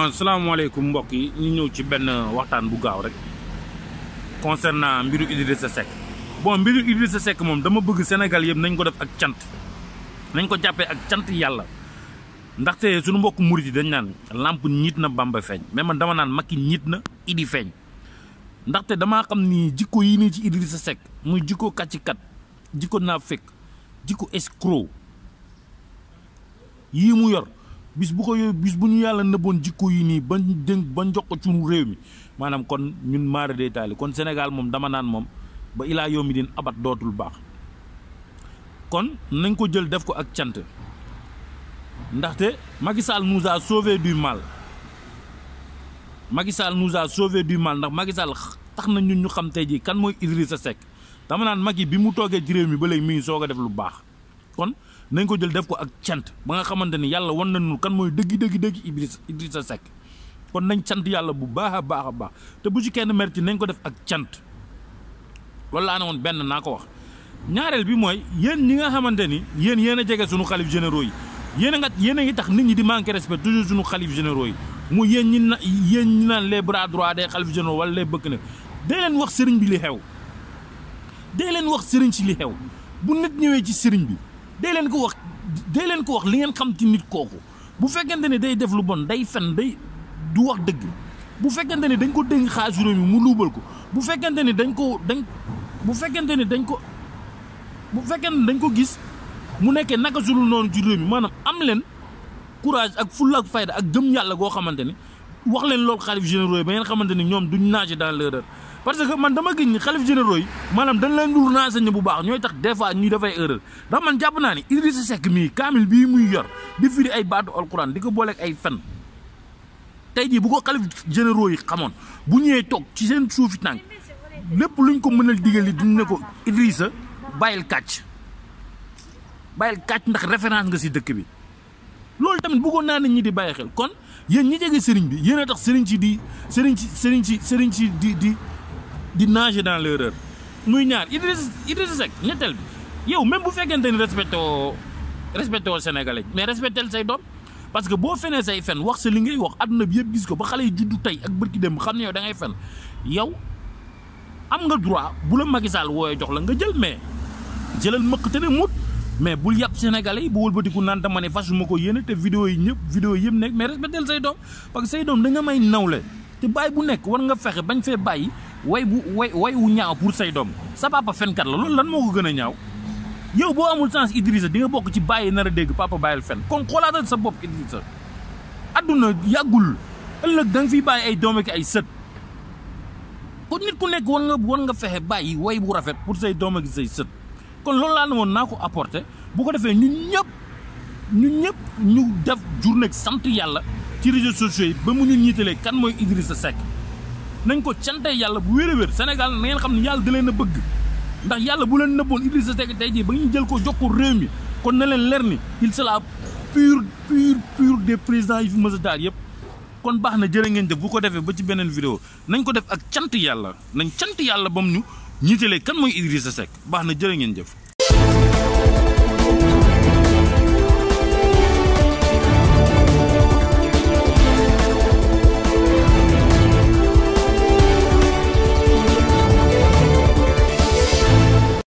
bon euh, salaamaaleykum mbokk yi ñu ñëw ci benn waxtaan bu gaaw rek concernant mbiru Idrissa Seck bon mbiru sa Seck moom dama bëgg senegal yëpp nañ ko def ak cant nañ ko jàppee ak cant yàlla ndaxte suñu mbokk murit yi dañ naan làmp ñiit na Bamba feeñ mais man dama naan mag Macky ñiit na Idi feeñ ndaxte dama xam ni jikko yi nii ci sa Seck muy jikko kàccikat jikko fekk jikko escroc yii mu yor bis bu ko yooyu bis bu ñu yàlla nëbboon jikko yi nii bañ dénk ba jox ko suñu réew mi maanaam kon ñun maara day taali kon Sénégal moom dama naan moom ba ilaa yow mi din abat dootul baax kon nañ ko jël def ko ak cant ndaxte Macky Sall nous a sauvé mal Macky Sall nous a sauvé du mal ndax Macky Sall tax na ñun ñu xam tey jii kan mooy Idrissa Seck dama naan Macky bi mu toogee ci réew mi ba léegi mi soo soog a def lu baax kon nañ ko jël def ko ak cant ba nga xamante ni yàlla wan nañu kan mooy dëgg dëgg dëgg Idrissa Idrissa Seck kon nañ cant yàlla bu baax a baax a baax te bu ci kenn merti nañ ko def ak cant loolu laa ne woon benn naa ko wax. ñaareel bi mooy yéen ñi nga xamante ni yéen yéen a jege suñu xalif généraux yi yéen a nga yéen a tax nit ñi di manquer respect toujours suñu xalif généraux yi mu yéen ñi na yéen ñi naan les bras droits des xalif généraux wala les bëkk na day wax sëriñ bi li xew day leen wax sëriñ si li xew bu nit ñëwee ci sëriñ bi. dee ko wax dee leen ko wax li ngeen xam ci kooku bu fekkente ne day def lu bon day fen day du wax dëgg bu fekkente ne dañ ko dénk xaalis réew mi mu luubal ko bu fekkente ne dañ ko dañ bu fekkente ne dañ ko bu fekkente dañ ko gis mu nekkee naka sulul noonu ci réew mi maanaam am leen courage ak fulla ak fayda ak gëm yàlla goo xamante ne wax leen loolu xalif généraux yi ba ngeen xamante ne ñoom duñ naage dans l'erreur parce que man dama gis ni xalif généraux yi maanaam dañ leen dul renseigné bu baax ñooy tax des fois ñuy dafay erreur ndax man jàpp naa ni sekk Seck mii kaamil bii muy yor di firi ay baatu alquran di ko booleeg ay fen tey jii bu ko xalif généraux yi xamoon bu ñëwee toog ci seen suufi tànk lépp luñ ko mënal digali duñ ne ko Idrissa bàyyil kàcc bàyyil kàcc ndax référence nga si dëkk bi loolu tamit bëggoon naa nit ñi di bàyyi xel kon yéen ñi jege seriñ bi yéen tax sëriñ ci di sëriñ si sëriñ si sëriñ si di di di nager dans l'erreur muy ñaar Idriss Idriss Seck ñetteel bi yow même bu fekkente ni respecté woo respecté woo mais respecté say doom parce que boo fenee say fen wax sa li ngay wax àdduna bi yëpp gis ko ba xale yi juddu tey ak bërki dem xam ne yow da ngay fen yow am nga droit bu la Macky Sall wooyee jox la nga jël mais jëlal mëq te ne mut mais bul yàpp sénégalais yi bu wëlbatiku naan dama ne fasuma ko yéene te vidéo yi ñëpp vidéo yëpp nekk mais respecté say doom parce que say nga may nawle te bàyyi bu nekk war nga fexe bañ fee bàyyi. way bu way way wu ñaaw pour say doom sa papa fenkat la loolu lan moo ko gën a ñaaw yow boo amul chance Idrissa di nga bokk ci bàyyi nar a dégg papa bàyyil fen kon xoolaatal sa bopp Idrissa adduna yàggul ëllëg da fi fiy bàyyi ay doom ak ay sët kon nit ku nekk war nga nga fexe bàyyi way bu rafet pour say doom ak say sët kon loolu laa na woon naa ko apporter bu ko defee ñun ñëpp ñun ñëpp ñu def nag sant yàlla ci réseaux sociaux ba mu ñu ñiitalee kan mooy Idrissa Seck nañ ko cante yàlla bu wér a wér Sénégal na ngeen xam ne yàlla da leen a bëgg ndax yàlla bu leen nëbboon Idrissa Seck tey jii ba ñu jël ko jox ko réew mi kon na leen leer ni il sera pur pur pur des présidents yi fi mës a jaar yëpp kon baax na jërë ngeen def bu ko defee ba ci beneen vidéo nañ ko def ak cant yàlla nañ cant yàlla mu ñu ñiitalee kan mooy Idrissa Seck baax na jërë ngeen jëf